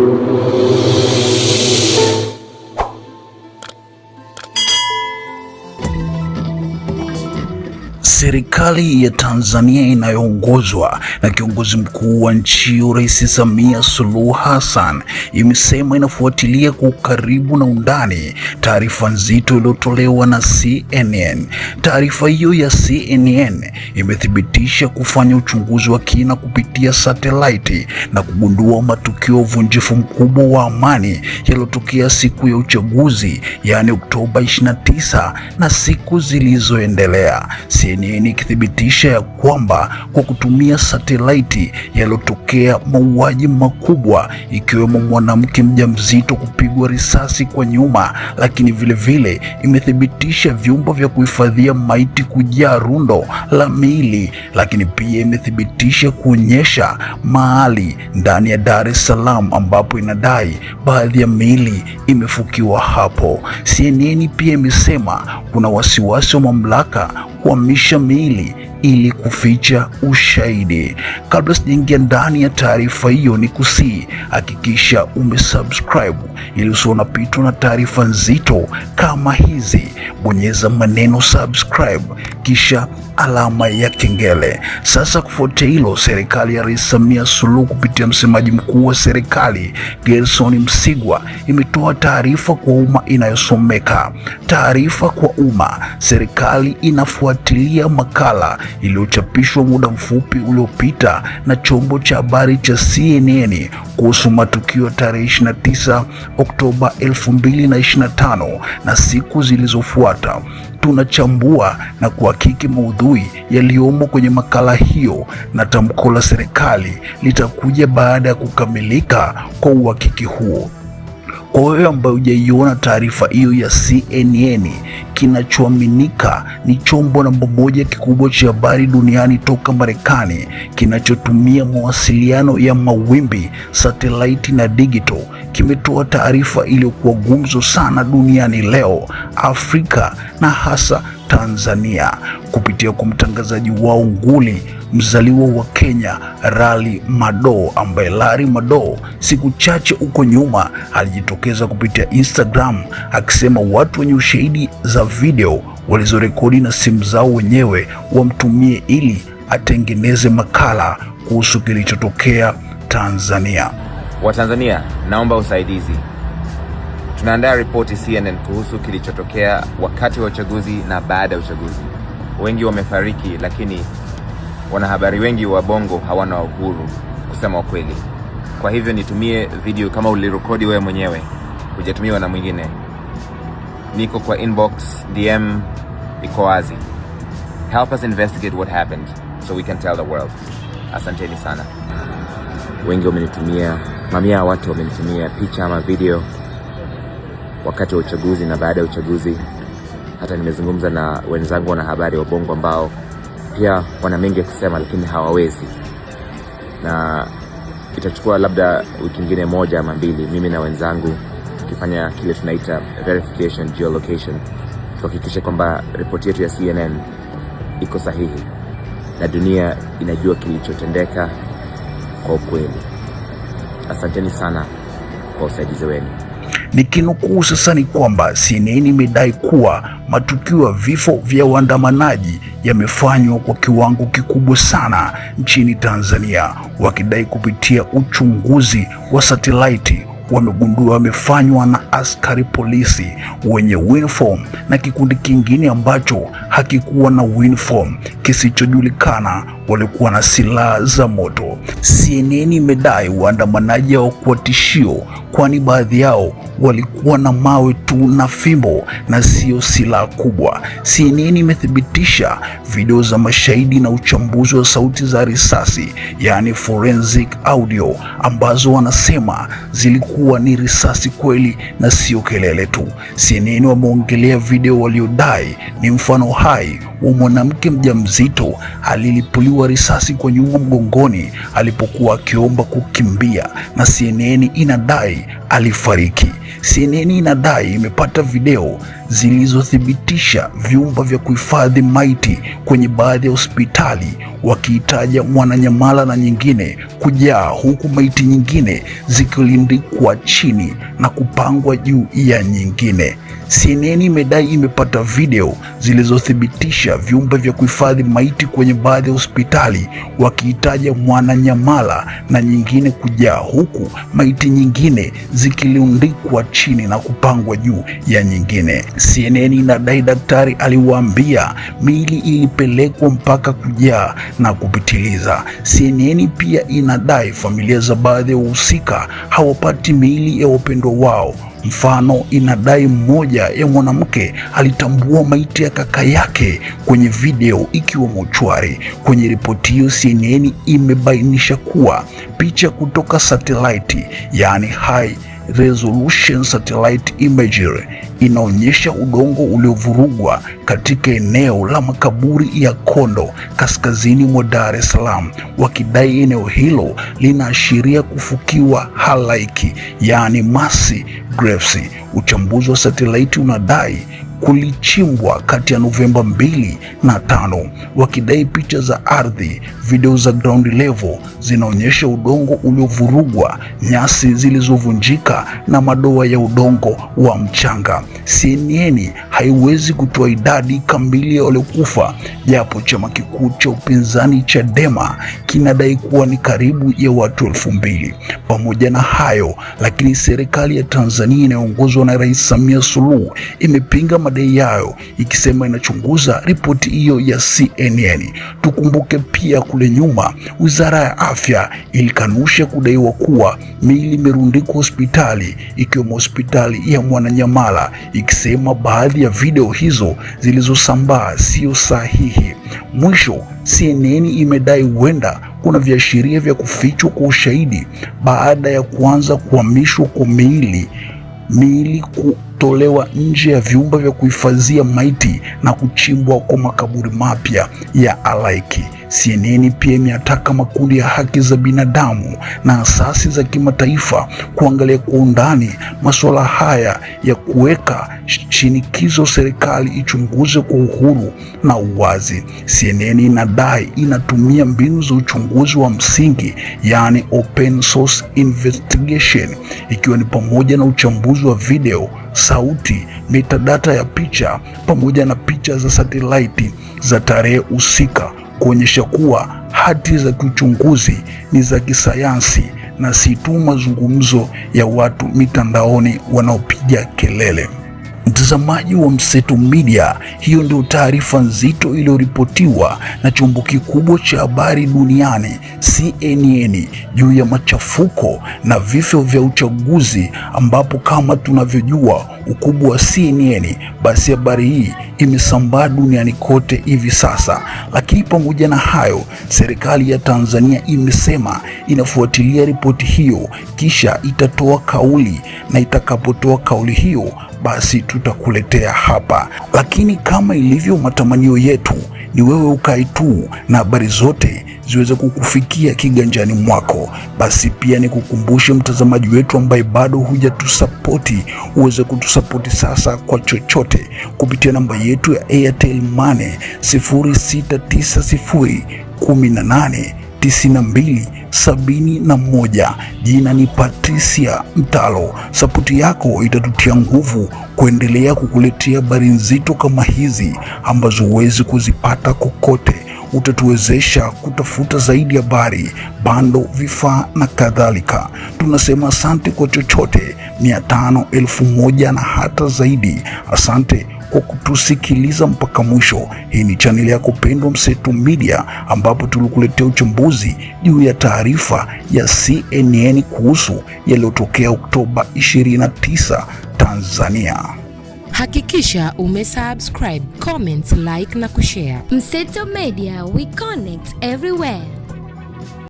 Senhor. Serikali ya Tanzania inayoongozwa na kiongozi mkuu wa nchi Rais Samia Suluhu Hassan imesema inafuatilia kwa ukaribu na undani taarifa nzito iliyotolewa na CNN. Taarifa hiyo ya CNN imethibitisha kufanya uchunguzi wa kina kupitia satelaiti na kugundua matukio ya uvunjifu mkubwa wa amani yaliyotokea siku ya uchaguzi, yaani Oktoba 29 na siku zilizoendelea. CNN nikithibitisha ikithibitisha ya kwamba kwa kutumia satelaiti yaliyotokea mauaji makubwa ikiwemo mwanamke mjamzito kupigwa risasi kwa nyuma, lakini vilevile vile, imethibitisha vyumba vya kuhifadhia maiti kujaa rundo la miili, lakini pia imethibitisha kuonyesha mahali ndani ya Dar es Salaam ambapo inadai baadhi ya miili imefukiwa hapo. CNN pia imesema kuna wasiwasi wa mamlaka kuhamisha família ili kuficha ushahidi. Kabla sijaingia ndani ya taarifa hiyo, ni kusii hakikisha umesubscribe ili usio napitwa na taarifa nzito kama hizi. Bonyeza maneno subscribe, kisha alama ya kengele. Sasa kufuatia hilo, serikali ya Rais Samia Suluhu kupitia msemaji mkuu wa serikali Gerson Msigwa imetoa taarifa kwa umma inayosomeka: taarifa kwa umma, serikali inafuatilia makala iliyochapishwa muda mfupi uliopita na chombo cha habari cha CNN kuhusu matukio ya tarehe 29 Oktoba 2025 na siku zilizofuata. Tunachambua na kuhakiki maudhui yaliyomo kwenye makala hiyo, na tamko la serikali litakuja baada ya kukamilika kwa uhakiki huo. Kwa wewe ambaye hujaiona taarifa hiyo ya CNN, kinachoaminika ni chombo namba moja kikubwa cha habari duniani toka Marekani, kinachotumia mawasiliano ya mawimbi, satelaiti na digital, kimetoa taarifa iliyokuwa gumzo sana duniani leo, Afrika na hasa Tanzania kupitia kwa mtangazaji wao nguli mzaliwa wa Kenya Rally mado ambaye Larry mado siku chache huko nyuma alijitokeza kupitia Instagram akisema watu wenye ushahidi za video walizorekodi na simu zao wenyewe wamtumie ili atengeneze makala kuhusu kilichotokea Tanzania. Watanzania, naomba usaidizi. Tunaandaa ripoti CNN kuhusu kilichotokea wakati wa uchaguzi na baada ya uchaguzi. Wengi wamefariki, lakini wanahabari wengi wa Bongo hawana uhuru kusema ukweli. Kwa hivyo nitumie video kama ulirekodi wewe mwenyewe, hujatumiwa na mwingine. Niko kwa inbox, DM iko wazi. Help us investigate what happened so we can tell the world. Asanteni sana. Wengi wamenitumia, mamia ya watu wamenitumia picha ama video wakati wa uchaguzi na baada ya uchaguzi. Hata nimezungumza na wenzangu wanahabari wa Bongo ambao pia wana mengi ya kusema, lakini hawawezi, na itachukua labda wiki ingine moja ama mbili, mimi na wenzangu tukifanya kile tunaita verification geolocation, tuhakikishe kwamba ripoti yetu ya CNN iko sahihi na dunia inajua kilichotendeka kwa ukweli. Asanteni sana kwa usaidizi wenu. Nikinukuu sasa ni kwamba CNN imedai kuwa matukio ya vifo vya waandamanaji yamefanywa kwa kiwango kikubwa sana nchini Tanzania, wakidai kupitia uchunguzi wa satelaiti wamegundua wamefanywa na askari polisi wenye uniform na kikundi kingine ambacho hakikuwa na uniform kisichojulikana walikuwa na silaha za moto. CNN imedai waandamanaji hawakuwa tishio, kwani baadhi yao walikuwa na mawe tu na fimbo na sio silaha kubwa. CNN imethibitisha video za mashahidi na uchambuzi wa sauti za risasi, yaani forensic audio, ambazo wanasema zilikuwa ni risasi kweli na sio kelele tu. CNN wameongelea video waliodai ni mfano hai wa mwanamke mjamzito alilipuliwa alipigwa risasi kwenye ugo mgongoni alipokuwa akiomba kukimbia, na CNN inadai alifariki. CNN inadai imepata video zilizothibitisha vyumba vya kuhifadhi maiti kwenye baadhi ya hospitali, wakiitaja Mwananyamala na nyingine kujaa, huku maiti nyingine zikilindikwa chini na kupangwa juu ya nyingine. CNN imedai imepata video zilizothibitisha vyumba vya kuhifadhi maiti kwenye baadhi ya hospitali hospitali wakiitaja Mwananyamala na nyingine kujaa, huku maiti nyingine zikilundikwa chini na kupangwa juu ya nyingine. CNN inadai daktari aliwaambia miili ilipelekwa mpaka kujaa na kupitiliza. CNN pia inadai familia za baadhi ya wahusika hawapati miili ya wapendwa wao Mfano, inadai mmoja ya mwanamke alitambua maiti ya kaka yake kwenye video ikiwa mochwari. Kwenye ripoti hiyo, CNN imebainisha kuwa picha kutoka satelaiti, yaani high resolution satellite imagery inaonyesha udongo uliovurugwa katika eneo la makaburi ya Kondo kaskazini mwa Dar es Salaam, wakidai eneo hilo linaashiria kufukiwa halaiki, yaani masi graves. Uchambuzi wa satellite unadai kulichimbwa kati ya Novemba 2 na tano wakidai picha za ardhi, video za ground level zinaonyesha udongo uliovurugwa, nyasi zilizovunjika na madoa ya udongo wa mchanga. CNN haiwezi kutoa idadi kamili ya waliokufa, japo chama kikuu cha upinzani Chadema kinadai kuwa ni karibu ya watu elfu mbili. Pamoja na hayo lakini, serikali ya Tanzania inayoongozwa na Rais Samia Suluhu imepinga madai yao ikisema inachunguza ripoti hiyo ya CNN. Tukumbuke pia kule nyuma, wizara ya afya ilikanusha kudaiwa kuwa miili imerundikwa hospitali ikiwemo hospitali ya Mwananyamala, ikisema baadhi ya video hizo zilizosambaa sio sahihi. Mwisho, CNN imedai huenda kuna viashiria vya kufichwa kwa ushahidi baada ya kuanza kuhamishwa kwa miili miili ku kutolewa nje ya viumba vya kuhifadhia maiti na kuchimbwa kwa makaburi mapya ya halaiki. CNN pia imeyataka makundi ya haki za binadamu na asasi za kimataifa kuangalia kwa undani masuala haya ya kuweka shinikizo serikali ichunguze kwa uhuru na uwazi. CNN inadai inatumia mbinu za uchunguzi wa msingi, yaani open source investigation, ikiwa ni pamoja na uchambuzi wa video sauti, metadata ya picha pamoja na picha za satelaiti za tarehe husika kuonyesha kuwa hati za kiuchunguzi ni za kisayansi na si tu mazungumzo ya watu mitandaoni wanaopiga kelele. Mtazamaji wa Mseto Media, hiyo ndio taarifa nzito iliyoripotiwa na chombo kikubwa cha habari duniani CNN juu ya machafuko na vifo vya uchaguzi, ambapo kama tunavyojua ukubwa wa CNN, basi habari hii imesambaa duniani kote hivi sasa. Lakini pamoja na hayo, serikali ya Tanzania imesema inafuatilia ripoti hiyo kisha itatoa kauli, na itakapotoa kauli hiyo basi tutakuletea hapa, lakini kama ilivyo matamanio yetu ni wewe ukae tu na habari zote ziweze kukufikia kiganjani mwako. Basi pia ni kukumbushe mtazamaji wetu ambaye bado hujatusapoti, uweze kutusapoti sasa kwa chochote kupitia namba yetu ya Airtel Money 0690 18 9271. Jina ni Patricia Mtalo. Sapoti yako itatutia nguvu kuendelea kukuletea habari nzito kama hizi ambazo huwezi kuzipata kokote. Utatuwezesha kutafuta zaidi habari, bando, vifaa na kadhalika. Tunasema asante kwa chochote mia tano elfu moja na hata zaidi. Asante kwa kutusikiliza mpaka mwisho. Hii ni chaneli yako pendwa Mseto Media, ambapo tulikuletea uchambuzi juu ya taarifa ya CNN kuhusu yaliyotokea Oktoba 29 Tanzania. Hakikisha ume subscribe, comment, like na kushare. Mseto Media, we connect everywhere.